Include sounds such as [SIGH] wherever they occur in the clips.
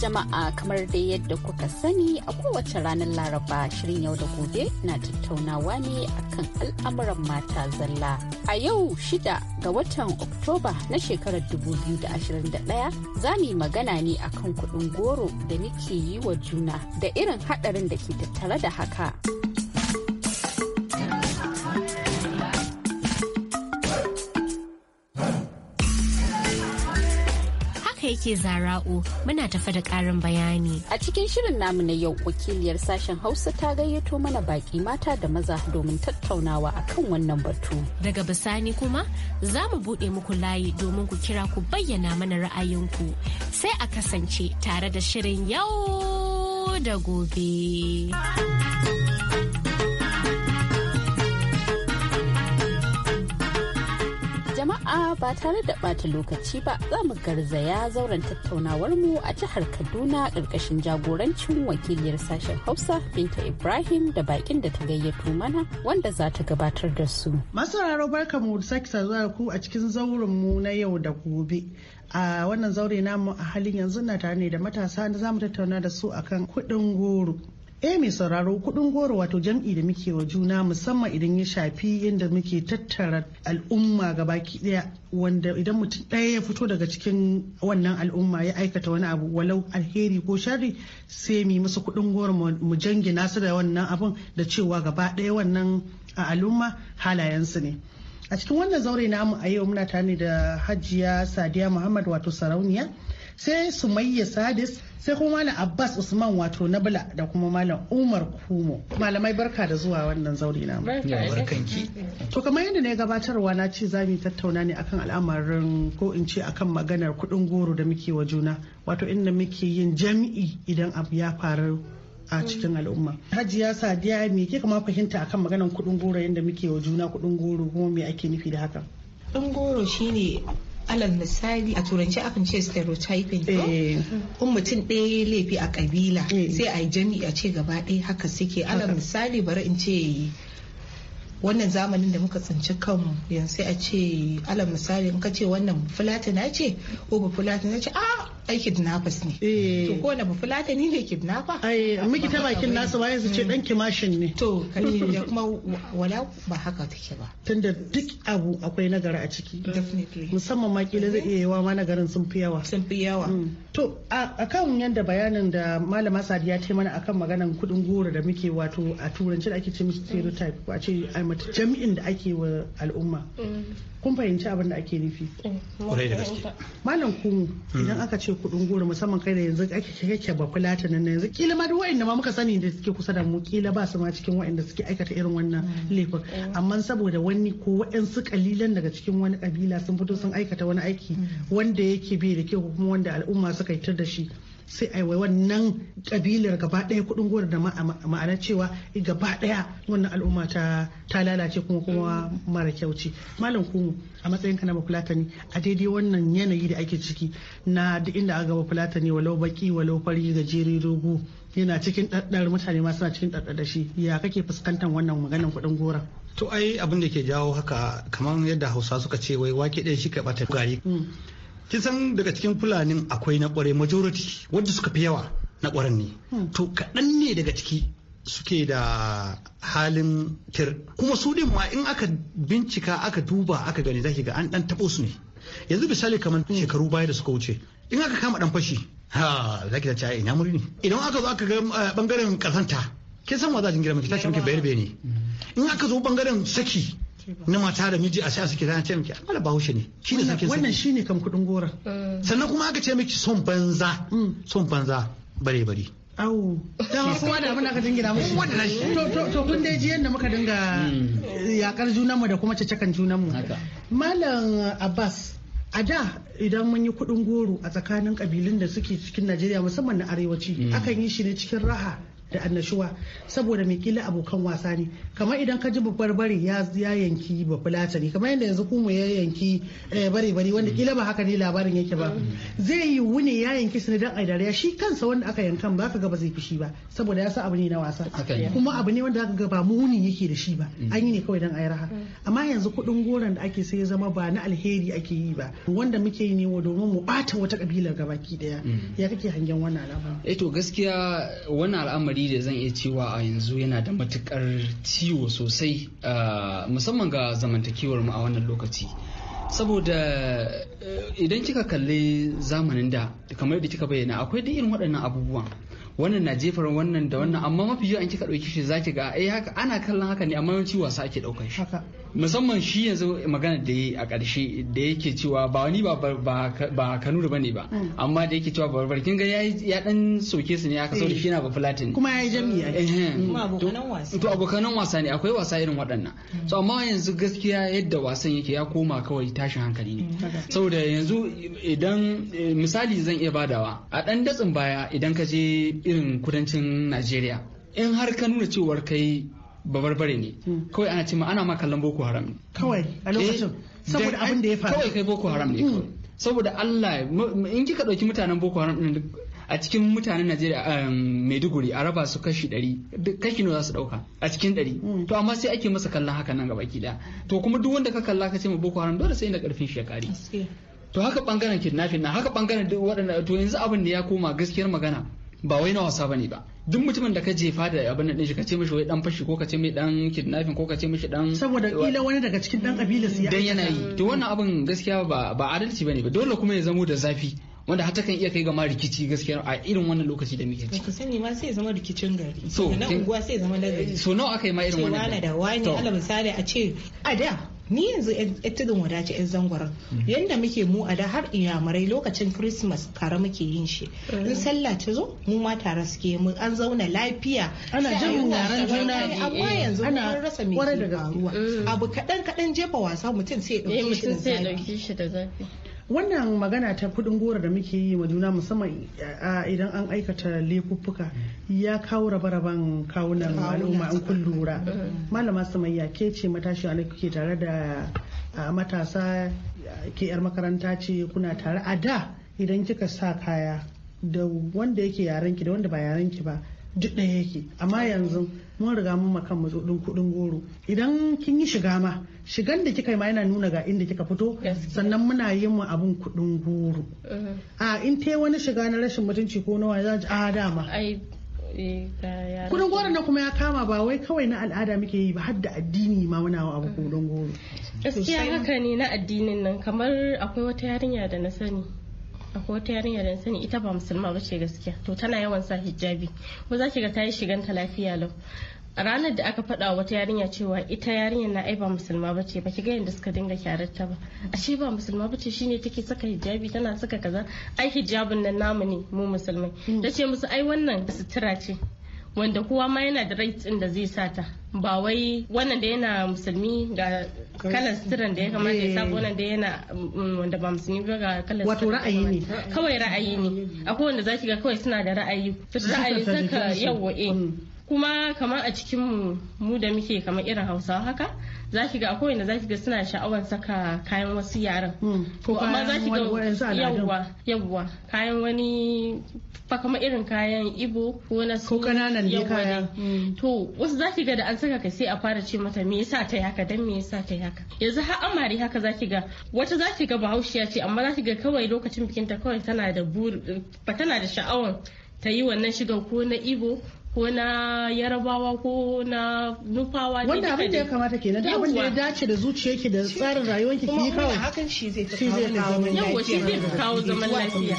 jama'a kamar dai yadda kuka sani a kowace ranar Laraba shirin yau da gobe na tattaunawa ne akan al'amuran mata zalla. A yau shida ga watan Oktoba na shekarar 2021 za mu yi magana ne akan kuɗin goro da nike yi wa juna da irin haɗarin da ke tattare da haka. yake zara'u muna tafa da ƙarin bayani. A cikin shirin namu na yau wakiliyar sashen Hausa ta gayyato mana baƙi mata da maza domin tattaunawa akan wannan batu. Daga bisani kuma za mu buɗe muku layi domin ku kira ku bayyana mana ra'ayinku sai a kasance tare da shirin yau da gobe. jama'a ba tare da ɓata lokaci ba za mu garzaya zauren tattaunawar mu a jihar Kaduna ƙarƙashin jagorancin wakiliyar sashen Hausa Binta Ibrahim da bakin da ta gayyato mana wanda za ta gabatar da su. masararo barka mu sake zuwa ku a cikin zauren mu na yau da gobe. a wannan zaure namu a halin yanzu na tare ne da matasa da mu tattauna da su akan kuɗin goro eh mai sauraro kudin goro wato jam'i da muke wa juna musamman idan ya shafi yadda muke tattara al'umma gabaki daya wanda idan mutum ɗaya ya fito daga cikin wannan al'umma ya aikata wani abu walau alheri ko sharri sai mu musu kudin goro mu jangina nasu da wannan abun da cewa gaba daya wannan a al'umma halayensu ne a cikin wannan zaure namu a yau muna tare da hajiya sadiya muhammad wato sarauniya sai sumayya sadis sai kuma malam abbas usman wato nabila da kuma malam umar kumo malamai barka da zuwa wannan zauri na to kamar yadda na gabatarwa na ce za mu tattauna ne akan al'amarin ko in ce akan maganar kuɗin goro da muke wa juna wato inda muke yin jami'i idan abu ya faru a cikin al'umma. Hajiya Sadiya me ke kama fahimta akan maganar kuɗin goro yadda muke wa juna kuɗin goro kuma me ake nufi da haka Kuɗin goro shine alal misali a turanci akan ce stereotyping ko eh. in mutum ɗaya laifi a kabila eh. sai a yi jami a ce gaba ɗaya haka suke alal misali bari in ce wannan zamanin da muka tsinci kanmu yanzu sai a ce alal misali in ka ce wannan fulatina ce ko ba fulatina ce a ah, ai kidnappers ne eh. to ko na bafulata ni ne kidnapper ai miki ta bakin nasu ba yanzu ce mm. dan kimashin ne to da kuma wala ba haka take ba tunda duk abu akwai nagari a ciki definitely musamman ma kila zai iya yawa ma nagarin sun fi yawa sun fi yawa mm. to akan yanda bayanin da malama sadiya ta mana akan maganan kudin goro da muke wato a turanci da ake ce stereotype ko a ce jami'in da ake wa al'umma mm. kun fahimci abin da ake nufi eh, da gaske malam kunu hmm. idan aka ce kudin goro musamman kai da yanzu ake kake ba kulata nan yanzu kila ma duk wa'anda ma muka sani da suke kusa da mu kila ba su ma cikin wa'anda suke aikata irin wannan hmm. laifin eh. amma saboda wani ko wa'ansu kalilan daga cikin wani kabila sun fito sun aikata wani aiki hmm. wanda yake bai da kyau kuma wanda al'umma suka yi da shi sai a wannan kabilar gaba ɗaya kudin goro da ma'ana cewa gaba ɗaya wannan al'umma ta lalace kuma kuma mara kyauci malam kuma a matsayin ka na ne a daidai wannan yanayi da ake ciki na duk inda aka ne walau baki walau fari ga jere dogo yana cikin ɗaɗɗar mutane ma suna cikin ɗaɗɗar da shi ya kake fuskantar wannan maganar kudin gora to ai abin da ke jawo haka kamar yadda hausa suka ce wai wake ɗaya shi ka ɓata gari hmm. kisan daga cikin fulanin akwai na kware majority wadda suka fi yawa na kwaranni ne hmm. to kaɗan ne daga ciki suke da halin tir kuma su din ma in aka bincika aka duba aka gani zaki ga an dan tabo su ne yanzu misali kamar hmm. shekaru baya da suka wuce in aka kama dan fashi ha zaki ta ce ina muri ne idan aka zo aka ga bangaren eh, kazanta kin san wa za ta tashi muke bayar bayani in aka zo bangaren saki na mata da miji a sha suke zan ce miki amala bahaushe ne shi ne sake wannan shine kam kudin gora eh. sannan kuma aka ce miki son banza mm. son banza bare bare awo dan kowa da abin da aka dingira shi to kun dai ji yadda muka dinga mm. yakar junanmu da kuma junan junanmu malam abbas a da idan mun yi kudin goro a tsakanin kabilun da suke cikin najeriya musamman na arewaci mm. akan yi shi ne cikin raha da annashuwa saboda mai kila abokan wasa ne kamar idan ka ji babbar bari ya yanki bafulata ne kamar yadda yanzu kuma ya yanki eh, bare bare wanda kila ba haka ne labarin yake ba zai yi wuni ya yanki su ne dan ai dariya shi kansa wanda aka yankan ba ka ga ba zai fishi ba saboda ya sa abu ne na wasa kuma abu ne wanda aka ga ba muni yake da shi ba mm. an yi ne kawai dan ai raha mm. amma yanzu kuɗin goron da ake sai ya zama ba na alheri ake yi ba wanda muke yi ne wa domin mu bata wata kabilar gabaki daya mm. ya kake hangen wannan al'amari eh to gaskiya wannan al'amari da zan iya cewa a yanzu yana da matukar ciwo sosai musamman ga zamantakewar mu a wannan lokaci saboda eh, idan kika kalli zamanin da kamar da kika bayyana akwai da irin waɗannan abubuwan wannan na jefar wannan da wannan amma mafi yawa an kika dauki shi zaki ga ai eh, haka ana kallon haka ne amma yawanci wasa ake daukar shi musamman shi yanzu magana da yi a ƙarshe da yake cewa ba wani ba ba ne ba mm. amma da yake cewa ba kin ga ya dan soke su ne aka da eh. shi yana ba flatin kuma yayi jami'a eh, kuma abokanan wasa to abokanan wasa ne akwai wasa irin waɗannan mm. so amma yanzu gaskiya yadda wasan yake ya koma kawai tashin hankali ne mm, saboda yanzu idan misali zan iya badawa a dan datsin baya idan ka je irin kudancin najeriya in har ka nuna cewar kai babarbare ne hmm. kawai ana ce ma ana ma kallon boko haram ne kawai a lokacin eh, saboda abin da ya faru kawai kai boko haram ne hmm. kawai saboda Allah in kika ɗauki mutanen boko haram ɗin a cikin mutanen Najeriya um, Maiduguri a raba su kashi ɗari kashi nawa za su ɗauka a cikin ɗari hmm. to amma sai ake masa kallon haka nan gaba kiɗa. to kuma duk wanda ka kalla ka ce ma boko haram dole sai na karfin shi ya kare to haka ɓangaren kidnapping na haka ɓangaren waɗanda to yanzu abin da ya koma gaskiyar magana ba wai na wasa bane ba duk mutumin da ka jefa da abin da shi ka ce mishi wai dan fashi ko ka ce mai dan kidnapping ko ka ce mishi dan saboda kila wani daga cikin dan kabilar su dan yana yi to wannan abin gaskiya ba ba adalci bane ba dole kuma ya zamo da zafi wanda har kan iya kai ga ma rikici gaskiya a irin wannan lokaci da muke ciki. sani ma sai zama rikicin gari. So na unguwa sai zama na gari. So nawa akai ma irin wannan. Cewa da wani ala misali a ce a da ni yanzu yan tudun wadace yan zangwara yadda muke mu a da har iyamurai lokacin christmas tare muke yin shi in sallah ta zo mu ma tare suke mu an zauna lafiya ana jin wuraren juna amma yanzu ana rasa mai faruwa mm. abu kaɗan kaɗan jefa wasa mutum sai ya eh, ɗauki shi da zafi wannan magana ta kudin gora da muke yi ma juna musamman idan an aikata lekuffuka ya kawo rabe-raben kawunan al'umma an kun lura malama samayya ke ce matashi a kuke tare da matasa ke yar makaranta ce kuna tare a da idan kika sa kaya da wanda yake yarenki da wanda ba ki ba duk ɗaya yake amma yanzu mun riga mun makan matsudin kuɗin goro idan kin yi shiga ma shigan da kika yi ma yana nuna ga inda kika fito sannan muna yin mu abun kuɗin goro eh. a in te wani shiga na rashin mutunci ko nawa za a dama eh, kudin goro na kuma ya kama ba wai kawai na al'ada muke yi ba hadda addini ma muna abu kudin goro gaskiya haka ne na addinin nan kamar akwai wata yarinya da na sani akwai wata yarinya da sani ita ba musulma ba ce gaskiya to tana yawan sa hijabi ko za ki ga ta yi ta lafiya lau ranar da aka faɗa wata yarinya cewa ita yarinyar na ai ba musulma ba ce ba ki ga yadda suka dinga kyararta ba ashe ba musulma ba ce shine take saka hijabi tana saka kaza ai hijabin nan namu ne mu musulmai hmm. ta ce musu ai wannan sutura ce wanda kowa ma yana da rights da zai sata ba wai wannan da yana musulmi ga kalan sitiran da ya kamata ya saba wannan da yana mm, wanda ba musulmi ba ga kalan wato ra'ayi ne kawai ra'ayi ne akwai wanda zaki ga kawai suna da ra'ayi ra'ayi saka yawo eh mm. kuma kamar a cikin mu da muke kamar irin hausawa haka za ki ga a kowane za ki ga suna sha'awar saka kayan wasu yaran hmm. ko amma za ki ga yawwa yawwa kayan wani fa kama irin kayan ibo ko na su ko kananan ne kaya hmm. to wasu za ki ga da an saka ka sai a fara ce mata me yasa ta yaka dan me yasa ta yaka yanzu har amare haka za ki ga wata za ki ga bahaushiya ce amma za ki ga kawai lokacin bikin ta kawai tana da buri tana da sha'awar ta yi wannan shigar ko na ibo ko na yarabawa ko na nufawa wanda abin da ya kamata ke nan abin da ya dace da ke da tsarin rayuwanki ki yi kawai hakan shi zai fi kawo zaman lafiya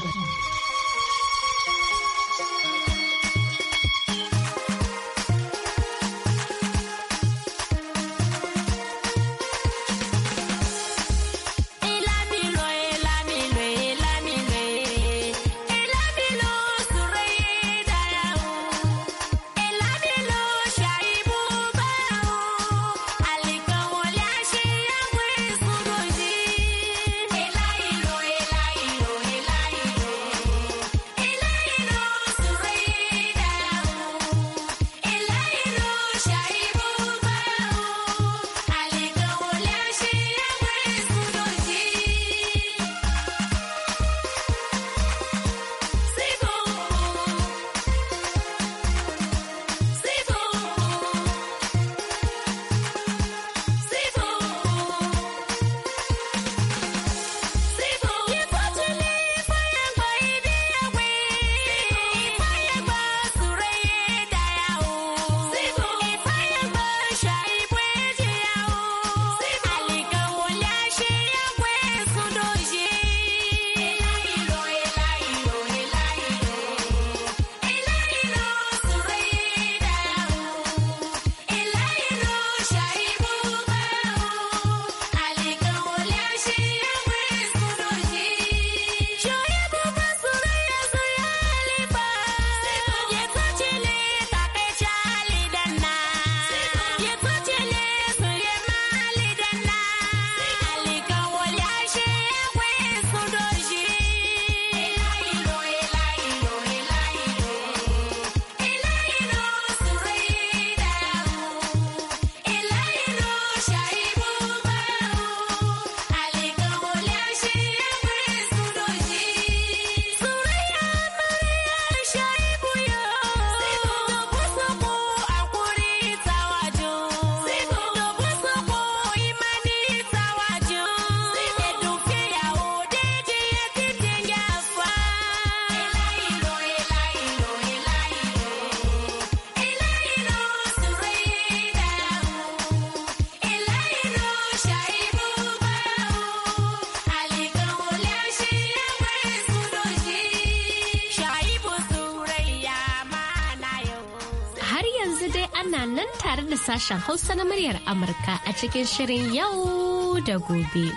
tare da sashen Hausa na muryar Amurka a cikin shirin yau da gobe.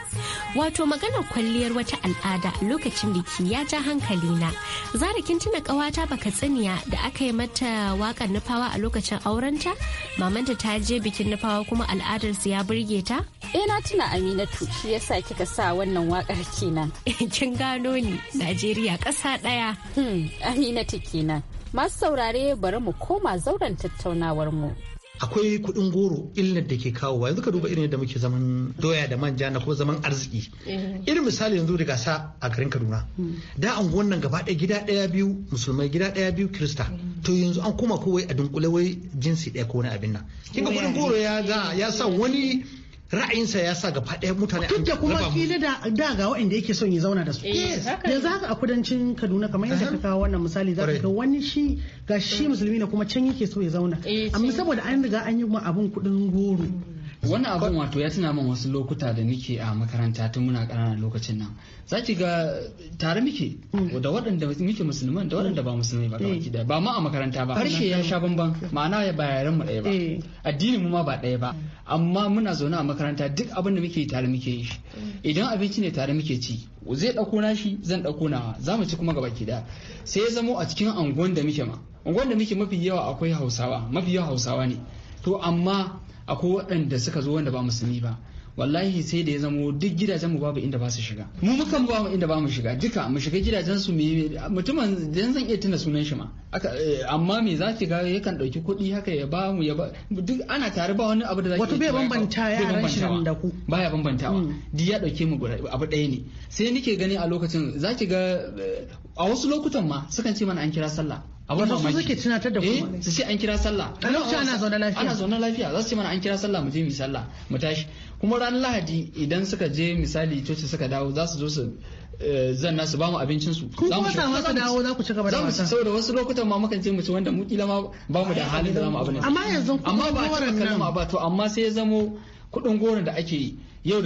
Wato maganar kwalliyar wata al'ada lokacin biki ya ja hankali na. Zara kin tuna kawata baka tsiniya da aka yi mata wakar nufawa a lokacin aurenta? Mamanta ta je bikin nufawa kuma al'adarsu ya burge ta? Eh na tuna Aminatu shi yasa kika sa wannan wakar kenan. [LAUGHS] Eh, kin gano ni Najeriya ƙasa ɗaya. Hmm, Aminatu kenan. Masu saurare bari mu koma zauren tattaunawar mu. akwai kuɗin goro illar da ke kawo yanzu ka duba irin da muke zaman doya da manja na kuma zaman arziki eh. irin misali yanzu da gasa a garin kaduna hmm. da an gaba ɗaya gida ɗaya biyu musulmai gida ɗaya biyu kirista to yanzu an koma kowai a dunkule wai jinsi ɗaya ko wani abin nan kinga kuɗin goro ya sa wani ra'ayinsa ya sa ga ɗaya mutane an da kuma kila da da ga waɗanda yake son ya zauna da su eh, yanzu a kudancin Kaduna kamar yadda ka kawo wannan misali za ka wani shi ga shi mm. musulmi ne kuma can yake so ya zauna eh, amma saboda an riga an yi abun kuɗin goro Wani abin wato ya tuna min wasu lokuta da nike a makaranta tun muna ƙananan lokacin nan. Za ki ga tare muke hmm. da waɗanda muke musulman da waɗanda ba musulmai ba gabaki hmm. ba ma a makaranta ba. Harshe ya sha bamban hmm. ma'ana ya ba yaren mu ɗaya ba. Addinin mu ma ba ɗaya ba. Amma muna zaune a makaranta duk abin da muke yi tare muke yi. Idan abinci ne tare muke ci zai ɗauko nashi zan ɗauko nawa za mu ci kuma gabaki da Sai ya zamo a cikin anguwan da muke ma. Unguwan da muke mafi yawa akwai Hausawa mafi yawa Hausawa ne. To amma akwai waɗanda suka zo wanda ba musulmi ba wallahi sai da ya zamo duk gidajen mu babu inda ba su shiga mu muka ba inda ba mu shiga duka mu shiga gidajen su mutumin dan zan iya tuna sunan shi ma eh, amma me za ki ga yakan dauki kuɗi haka ya ba mu ya ba duk ana tare ba wani abu da za ki wato bai bambanta yaran shi da ku baya bambantawa hmm. duk ya dauke mu abu ɗaya ne sai nike gani a lokacin za ki ga eh, a wasu lokutan ma sukan ce mana an kira sallah a eh, wannan mamaki suke tunatar da kuma eh, su ce an kira sallah a ana zaune lafiya ana zaune lafiya za su ce mana an kira sallah mu je mu sallah mu tashi kuma ranar lahadi idan suka je misali coci suka dawo za su zo su eh, zanna su bamu abincin su za mu sa masa dawo za ku ci gaba da wasa saboda wasu lokutan ma mukan ce mu ci wanda mu kila ma ba mu da halin da za mu abin amma yanzu amma ba a kallon ma ba to amma sai ya zamo kuɗin goron da ake yi yau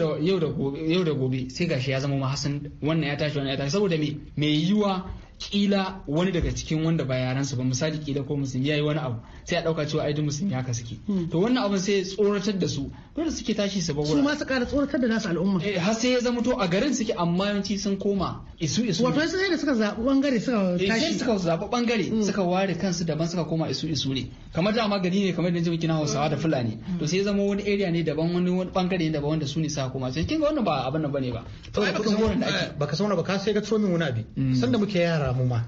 da gobe sai gashi ya zama mahasin wannan ya tashi wannan ya tashi saboda me mai yiwa kila wani daga cikin wanda ba su ba misali kila ko musulmi yayi wani abu sai a dauka cewa ai duk musulmi haka suke hmm. to wannan abin sai ya tsoratar da su dole suke tashi su bagura su ma su kara tsoratar da nasu al'umma eh har sai ya zama to a garin suke amma yawanci sun koma isu isu wato sai da suka zabi bangare suka eh, tashi suka zabi bangare hmm. suka ware kansu daban suka koma isu isu ne kamar da gari ne kamar da jin kina Hausawa da Fulani hmm. to sai ya zama wani area ne daban wani bangare ne daban wanda su ne suka koma sai kinga wannan ba abin nan bane ba to baka sauna baka sai ga tsomin wani abi sanda muke yara yara mu ma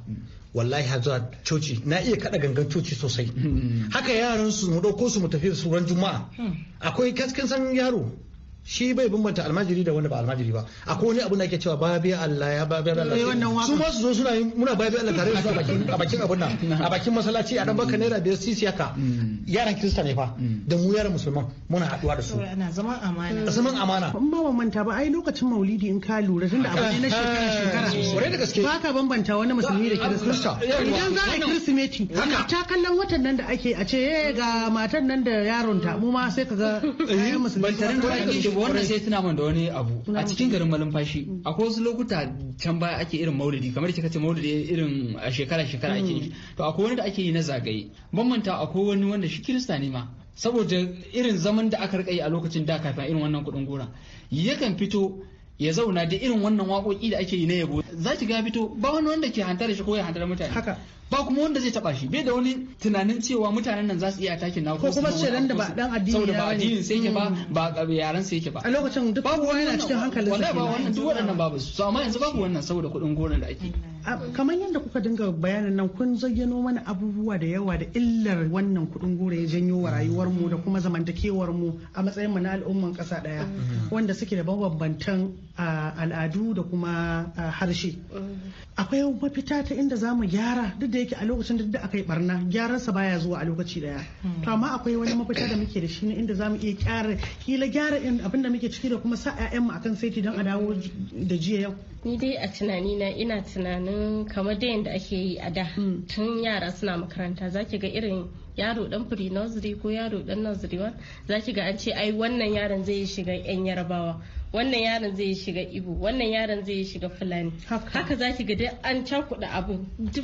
wallahi har zuwa coci na iya kada gangan coci sosai hmm. haka yaran su mu dauko su mu tafi su ran juma'a hmm. akwai kaskin san yaro shi bai bambanta almajiri da wanda ba almajiri ba akwai wani abu da ake cewa babi Allah ya babi Allah eh, su ma su zo suna yin muna babi Allah tare da su a bakin abun nan a bakin masallaci a dan baka naira biyar sisi haka mm. yaran kirista ne fa mm. da mu yaran musulman muna haduwa da su ana zaman amana zaman amana in ba manta ba ai lokacin maulidi in ka lura tunda abu ne na shekara shekara da gaske ba ka bambanta wani musulmi da kirista idan za a kirsimeti ta kallon watan nan da ake a ce eh, ga matan nan da yaron ta mu ma sai ka ga eh, musulmi tare da wannan sai tuna man da wani abu a cikin garin malumfashi mm. akwai wasu lokuta can baya ake irin maulidi kamar kika ce maulidi irin a shekara shekara ake mm. yi to akwai wani da ake yi na zagaye ban manta akwai wani wanda shi kirista ne ma saboda irin zaman da aka rika yi a lokacin da kafin irin wannan kudin gora yakan fito ya zauna da irin wannan waƙoƙi da ake yi na yabo za ki ga fito ba wani wanda ke hantar shi ko ya hantar mutane haka ba kuma wanda zai taba shi bai da wani tunanin cewa mutanen nan za su iya takin na ko kuma su da ba dan addini ne. ba addinin sai ke ba hmm. ba yaran sai ke ba a lokacin duk babu wani yana cikin hankalin na wallahi ba wannan duk waɗannan babu su amma yanzu babu wannan saboda kuɗin goron da ake yi. kamar yadda kuka dinga bayanin nan kun zayyano mana abubuwa da yawa da illar wannan kudin gora ya janyo wa rayuwarmu da kuma zamantakewar mu a matsayin mu na al'umman kasa daya wanda suke da mabambantan al'adu da kuma harshe akwai mafita ta inda za mu gyara duk da yake a lokacin da aka yi barna sa baya zuwa a lokaci daya to amma akwai wani mafita da muke da shi ne inda za mu iya kyara kila gyara abin da muke ciki da kuma sa mu akan saiti don a dawo da jiya yau ni dai a tunani na ina tunanin tunanin kamar da yadda ake yi a da mm. tun yara suna makaranta za ki ga irin yaro dan firi nursery ko yaro dan nursery za ki ga an ce ai wannan yaron zai shiga yan yarabawa wannan yaron zai shiga ibo wannan yaron zai shiga fulani haka za ki ga dai an cakuɗa abu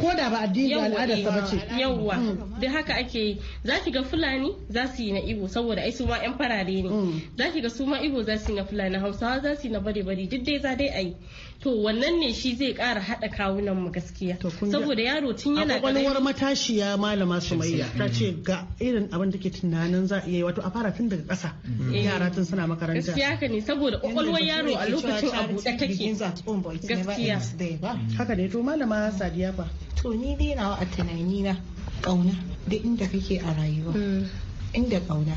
ko da ba addini ba al'adar ba bace yawwa da mm. haka ake yi za ki ga fulani za su yi na ibo saboda ai su ma yan farare ne mm. za ki ga su ma ibo za su yi na fulani hausawa za su yi na bare bare duk dai za dai ayi to wannan ne shi zai kara haɗa kawunan mu gaskiya saboda yaro tun yana ƙwaƙwalwar matashiya malama sumayya ta ce mm. ga irin abin da ke tunanin za a iya yi wato a fara tun daga ƙasa yara tun suna makaranta gaskiya ka ne saboda kwakwalwar yaro a lokacin a buɗe take gaskiya hmm. haka dai to malama sadiya fa to ni dai nawa a tunani na kauna da inda kake a rayuwa hmm. inda kauna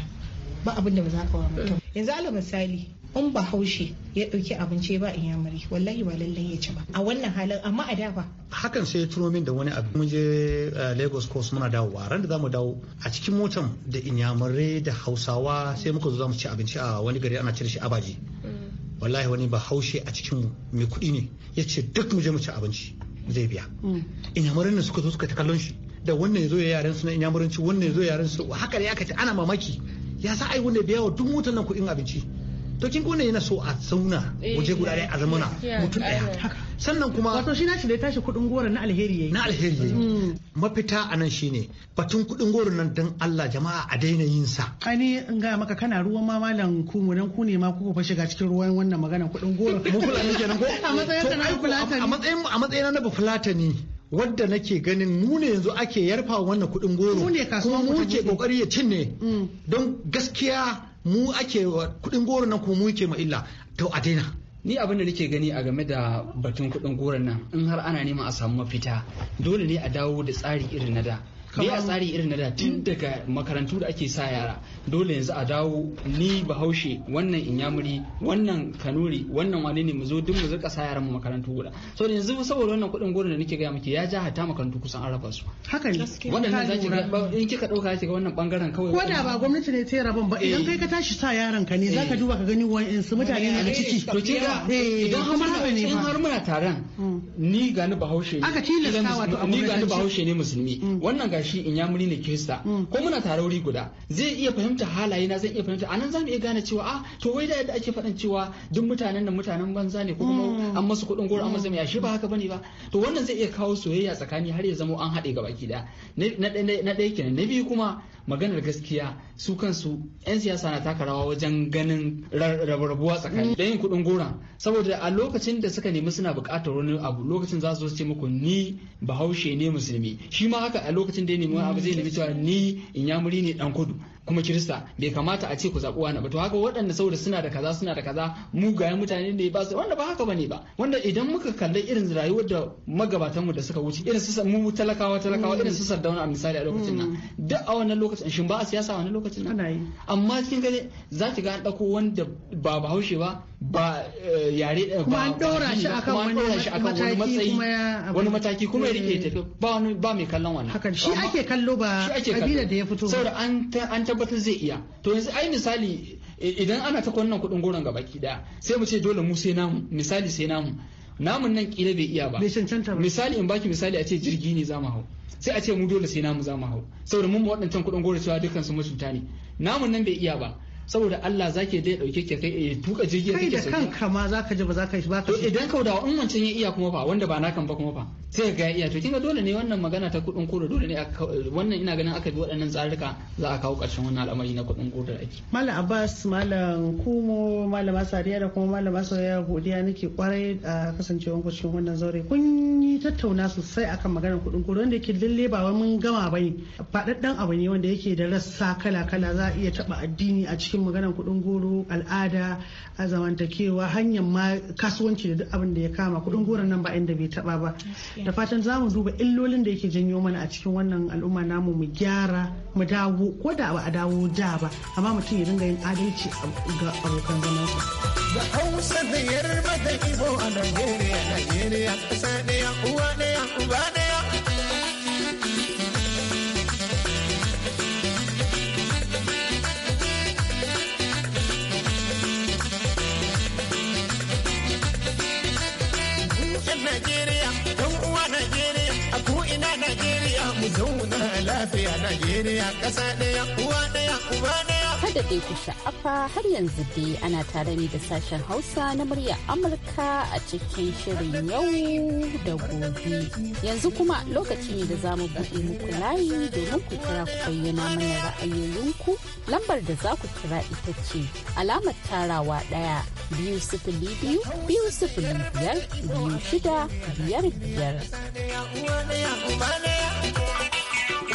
ba abin da ba za ka wa mutum yanzu ala misali in bahaushe ya ɗauki abinci ba inyamuri wallahi ba lallai ya ci ba a wannan halin amma a da hakan sai ya tuno min da wani abu mun je eh, lagos coast muna dawo a ran da zamu dawo a cikin motan da inyamare da hausawa sai muka zo zamu ci abinci a wani gari ana cire shi abaji mm. wallahi wani bahaushe a cikin mai kuɗi ne ya ce duk mu je mu ci abinci zai biya mm. inyamurai ne suka zo suka ta kallon shi da wannan ya zo ya yaren su na inyamuranci wannan ya zo ya yaren su haka ne aka ce ana mamaki ya sa ai wanda biya wa duk motan nan kuɗin abinci to kin kone yana so a zauna waje guda ɗaya a zamana mutum ɗaya sannan kuma wato shi nashi da ya tashi kuɗin goron na alheri yayi na alheri yayi hmm. mafita anan shine batun kuɗin goron nan dan Allah jama'a a daina yin sa ai ne in ga maka kana ruwan ma malam ku mu dan ku ne ma ku fa shiga cikin ruwan wannan magana kuɗin goron [LAUGHS] mu ne kenan ko a matsayin na fulatani a matsayin a matsayin na ba fulatani wadda nake ganin mu ne yanzu ake yarfa wannan kuɗin goro kuma mu ke kokari ya cinne hmm. don gaskiya mu ake kuɗin goro nan kuma mu ke ma illa to a daina ni abin da nake gani a game da batun kuɗin goron nan in har ana neman a samu mafita dole ne a dawo da tsari irin na da ne a tsari irin na da tun daga makarantu da ake sa yara dole yanzu a dawo ni bahaushe wannan inyamuri wannan kanuri wannan wani ne mu zo duk mu zaka sa yaran mu makarantu guda so yanzu saboda wannan kuɗin goro da nake gaya miki ya ja hata makarantu kusan an raba su haka ne wannan zaki in kika dauka kika wannan bangaren kawai ko da ba gwamnati ne ta yi rabon ba eh. idan kai ka tashi sa yaran ka ne zaka eh. duba ka gani su mutane ne a eh. ciki to kin ga idan har muna taron mm. ni ga ni bahaushe aka tilasta wato ni ga ni bahaushe ne musulmi mm. wannan ga da shi in muni ne kirista mm. ko muna tare wuri guda zai iya fahimta halaye na zai iya fahimta anan zamu iya gane cewa a ah, to wai da yadda ake faɗan cewa duk mutanen nan mutanen banza ne ko kuma mm. an masu kuɗin goro an masa mm. yashi ba haka bane ba to wannan zai iya kawo soyayya tsakani har ya zama an haɗe gaba ki na ɗaya kenan na biyu kuma maganar gaskiya su kansu 'yan siyasa na taka rawa wajen ganin rabarabuwa tsakani da yin kuɗin gora saboda a lokacin da suka nemi suna bukatar wani abu lokacin za su ce muku ni bahaushe ne musulmi shi ma haka a lokacin da ya nemi abu zai nemi cewa ni inyamuri ne dan kudu kuma kirista bai kamata a ce ku zaɓi wani ba to haka waɗanda saboda suna da kaza suna da kaza mugayen mutane ne ba su wanda ba haka bane ba wanda idan muka kalli irin rayuwar da magabatan mu da suka wuce irin su mu talakawa talakawa irin su sardauna a misali a lokacin nan mm. duk a wannan lokacin shin ba a siyasa a wannan lokacin nan amma cikin gani za ki ga an ɗauko wanda ba bahaushe ba ba eh, yare eh, ba an dora shi akan wani matsayi wani mataki kuma ya rike tafi eh. ba wani ba mai kallon wannan hakan shi ake kallo ba kabila da ya fito saboda an tabbatar zai iya to yanzu ai misali idan ana ta wannan kudin goron gaba ki daya sai mu ce dole mu sai namu misali sai namu namun nan kila bai iya ba misali in baki misali a ce jirgi ne zamu hau sai a ce mu dole sai namu zamu hau saboda mun waɗancan kudin goron cewa dukkan su mutunta ne namun nan bai iya ba saboda Allah zake dai dauke ke kai ya eh, tuka jirgin kai da kanka ma zaka je ba zaka shi baka shi idan kaudawa in wancan ya iya kuma fa wanda ba nakan ba kuma fa sai ga ya iya to kinga dole ne wannan magana ta kudin kura dole ne wannan ina ganin aka bi waɗannan tsarika za a kawo ƙarshen wannan al'amari na kudin kura da ake malam Abbas malam Kumo Mallam Sadiya da kuma malama Soyayya godiya nake kwarai a kasancewan ku cikin wannan zaure kun yi tattauna sosai akan maganar kudin kura wanda yake lalle ba wai mun gama bane faɗaɗɗan abu ne wanda yake da rassa kala-kala za a iya taɓa addini a cikin cikin maganar kuɗin goro al'ada a zamantakewa hanyar ma kasuwanci da duk abin da ya kama kudin goron nan ba inda bai taba ba da fatan zamu duba illolin da yake janyo mana a cikin wannan al'umma namu mu gyara mu dawo ko da ba a dawo da ba amma mutum ya dinga yin adalci ga abokan zamansa. Da Hausa da Yarba da Ibo a Najeriya, Najeriya, ƙasa uwa ɗaya, uba ɗaya. mu zauna lafiya Najeriya ƙasa ɗaya uwa ɗaya uba ɗaya. Kada dai ku sha'afa har yanzu dai ana tare ne da sashen Hausa na murya Amurka a cikin shirin yau da gobe. Yanzu kuma lokaci ne da za mu buɗe muku layi domin ku kira ku bayyana mana ra'ayoyinku. Lambar da za ku kira ita ce alamar tarawa ɗaya biyu sifili biyu biyu sifili biyar biyu shida biyar biyar.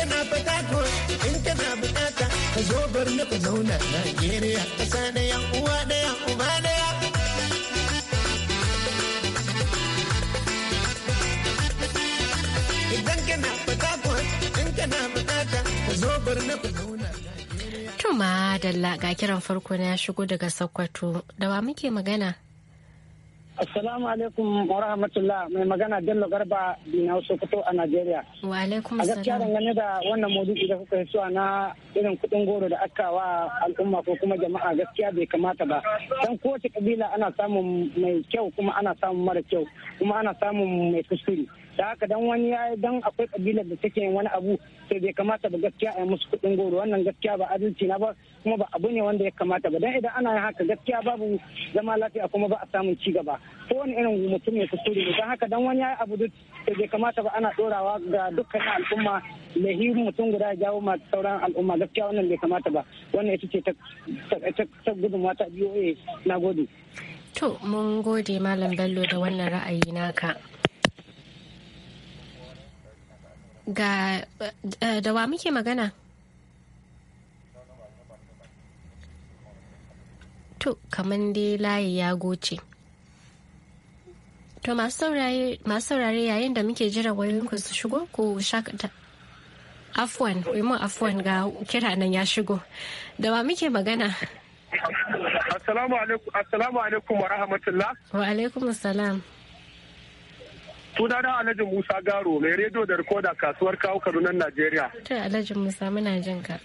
kana fata ko in kana bukata ka zo bar na ku zauna Najeriya kasa da yan uwa da yan uba da ya. Idan kana fata ko in kana bukata ka zo bar na ku zauna Tuma dalla ga kiran farko na ya shigo daga Sokoto da wa muke magana? Assalamu alaikum wa rahmatullah mai magana Bello Garba Dina Sokoto a Najeriya. Wa alaikum A gaskiya dangane da wannan maudu'i da kuka suwa na irin kuɗin goro da aka wa al'umma ko kuma jama'a gaskiya bai kamata ba. Dan kowace kabila ana samun mai kyau kuma ana samun mara kyau kuma ana samun mai kuskure. da haka dan wani ya dan akwai kabilar da take yin wani abu to bai kamata ba gaskiya a musu kuɗin goro wannan gaskiya ba adalci na ba kuma ba abu ne wanda ya kamata ba dan idan ana yin haka gaskiya babu zama lafiya kuma ba a samun ci gaba ko wani irin mutum ya kusuri ne dan haka dan wani ya abu duk da bai kamata ba ana dorawa ga dukkan al'umma lahi mutum guda ya jawo ma sauran al'umma gaskiya wannan bai kamata ba wannan ita ce ta gudunmawa ta biyo na gode. To, mun gode Malam Bello da wannan ra'ayi naka. ga eh, da wa muke magana to kaman dai layi ya goce to masu saurare yayin da muke jiran wayoyinku su shigo ko shakata afwan mu afwan ga kira nan ya shigo da wa muke magana assalamu alaikum wa rahmatullah wa alaikum assalam suna na Alhaji Musa Garo mai rediyo da rikoda kasuwar kawo Kaduna Najeriya. To Alhaji Musa muna jin ka.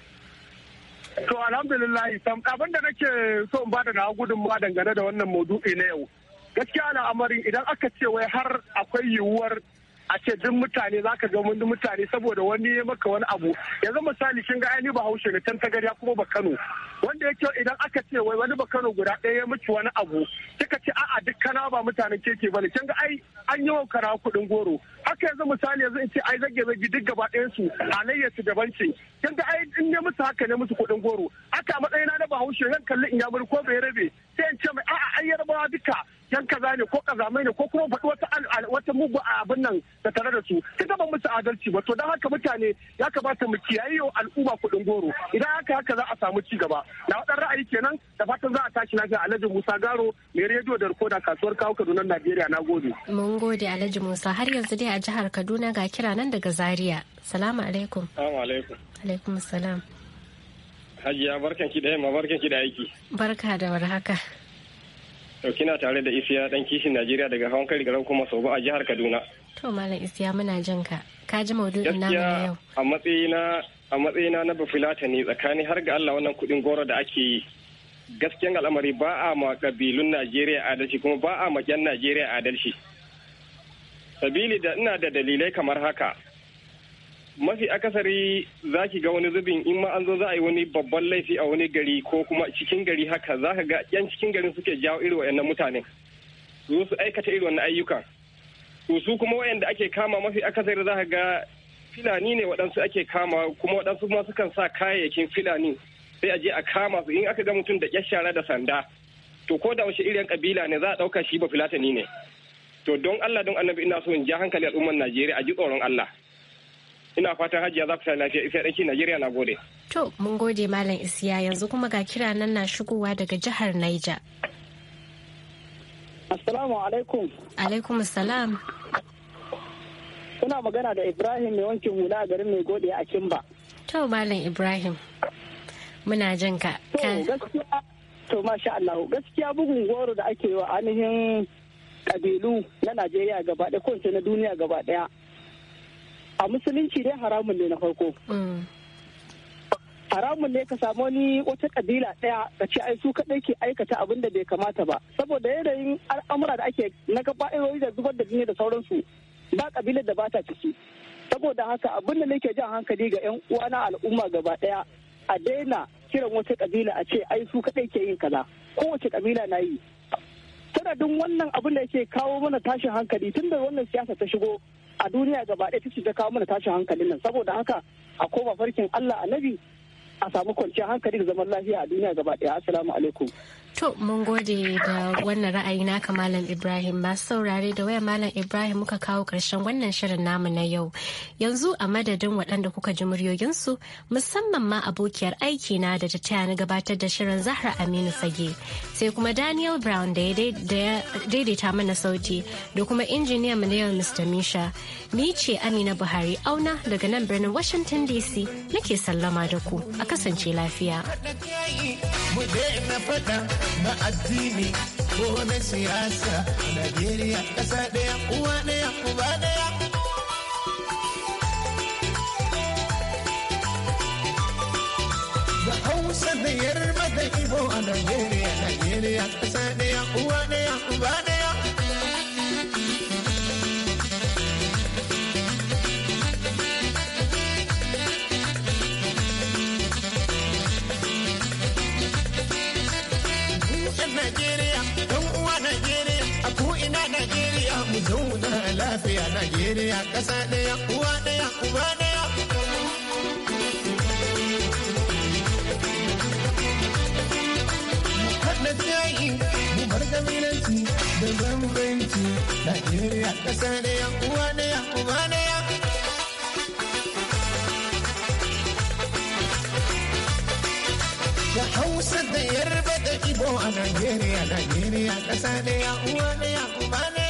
To alhamdulillah abin da nake so in bada na ma dangane da wannan maudu'i na yau. Gaskiya al'amarin idan aka ce wai har akwai yiwuwar a ce duk mutane za ka ga duk mutane saboda wani ya maka wani abu yanzu misali kin ga ainihin bahaushe ne can tagarya kuma ba kano wanda yake idan aka ce wai wani ba kano guda ɗaya ya miki wani abu kika ce a'a duk kana ba mutanen keke bane kin ga ai an yi wa kana kuɗin goro haka yanzu misali yanzu in ce ai zage zage duk gaba ɗayan su alayyar su daban ce kin ga ai in ya musu haka ne musu kuɗin goro haka matsayina na bahaushe ran kalli in ya ko bai rabe sai in ce mai a ai yarbawa duka yan kaza ne ko kazamai ne ko kuma faɗi wata wata mugu a abin nan da tare da su ta gaban musu adalci ba to dan haka mutane ya kamata mu kiyaye al'umma kuɗin goro idan haka haka za a samu ci gaba na wadan ra'ayi kenan da fatan za a tashi lafiya Alhaji Musa Garo mai rediyo da rikoda kasuwar kawo Kaduna Najeriya na gode mun gode Alhaji Musa har yanzu dai a jihar Kaduna ga kira nan daga Zaria salamu alaikum assalamu alaikum alaikum salam Hajiya barkan ki da yamma barkan ki da aiki. Barka da warhaka. To kina tare da Isiya dan kishin Najeriya daga hawan kari garau kuma Sobo a jihar Kaduna. To Malam Isiya muna jin ka. Ka ji maudu'in namu na yau. A matsayina a matsayina na bafilata ne tsakani har ga Allah wannan kudin goro da ake yi. Gaskiyan al'amari ba a ma kabilun Najeriya adalci kuma ba a ma 'yan Najeriya adalci. Sabili da ina da dalilai kamar haka. mafi akasari za ki ga wani zubin in ma an zo za a yi wani babban laifi a wani gari ko kuma cikin gari haka za ka ga yan cikin garin suke jawo irin wayannan mutane su su aikata irin wannan ayyuka to su kuma wayanda ake kama mafi akasari za ka ga filani ne waɗansu ake kama kuma waɗansu ma sukan sa kayayyakin filani sai a je a kama su in aka ga mutum da shara da sanda to ko da wace irin kabila ne za a ɗauka shi ba filatani ne to don Allah don annabi ina so in ja hankali al'ummar Najeriya a ji tsoron Allah ina fatan hajiya za ku sha lafiya isa ɗanki najeriya na gode to mun gode malam isiya yanzu kuma ga kira nan na shigowa daga jihar naija assalamu alaikum alaikum salam. kuna magana da ibrahim mai wankin hula a garin mai gode a kimba to malam ibrahim muna jin ka to masha Allah gaskiya bugun goro da ake wa ainihin kabilu na Najeriya gaba ɗaya ko na duniya gaba ɗaya a musulunci dai haramun ne na farko mm. haramun ne ka samu wani wata kabila ɗaya ka ce ai su kaɗai ke aikata abin da bai kamata ba saboda yanayin al'amura da ake na gaba'irori da zubar da jini da sauransu ba kabilar da bata ta ciki saboda haka abin da nake jan hankali ga yan uwa na al'umma gaba ɗaya a daina kiran wata kabila a ce ai su kaɗai ke yin kaza kowace kabila na yi sanadin wannan abin da yake kawo mana tashin hankali tun da wannan siyasa ta shigo a duniya gaba ɗaya take ta kawo mana tashin hankalin nan saboda haka a koma farkin Allah annabi a samu kwanciyar hankali da zaman lafiya a duniya gaba ɗaya assalamu alaikum To mun gode da wannan ra'ayi naka Malam Ibrahim masu saurare da waya Malam Ibrahim muka kawo karshen wannan shirin namu na yau. Yanzu a madadin waɗanda kuka ji muryoyinsu musamman ma abokiyar aiki na da ta taya ni gabatar da shirin Zahra Aminu sage Sai kuma Daniel Brown da ya daidaita mana sauti da kuma injiniyan mu na yau Mr. Misha. Ni ce Amina Buhari auna daga nan birnin Washington DC nake sallama da ku a kasance lafiya. na addini ko na siyasa Najeriya ƙasa ɗaya uwa ɗaya uba ɗaya. Da Hausa da lafiya Najeriya ƙasa ɗaya uwa ɗaya uba ɗaya. Mu yayi mu bar kabilanci da bambanci Najeriya ƙasa ɗaya uwa ɗaya uba ɗaya. Da Hausa da Yarba da Ibo a Najeriya, Najeriya ƙasa ɗaya uwa ɗaya uba ɗaya.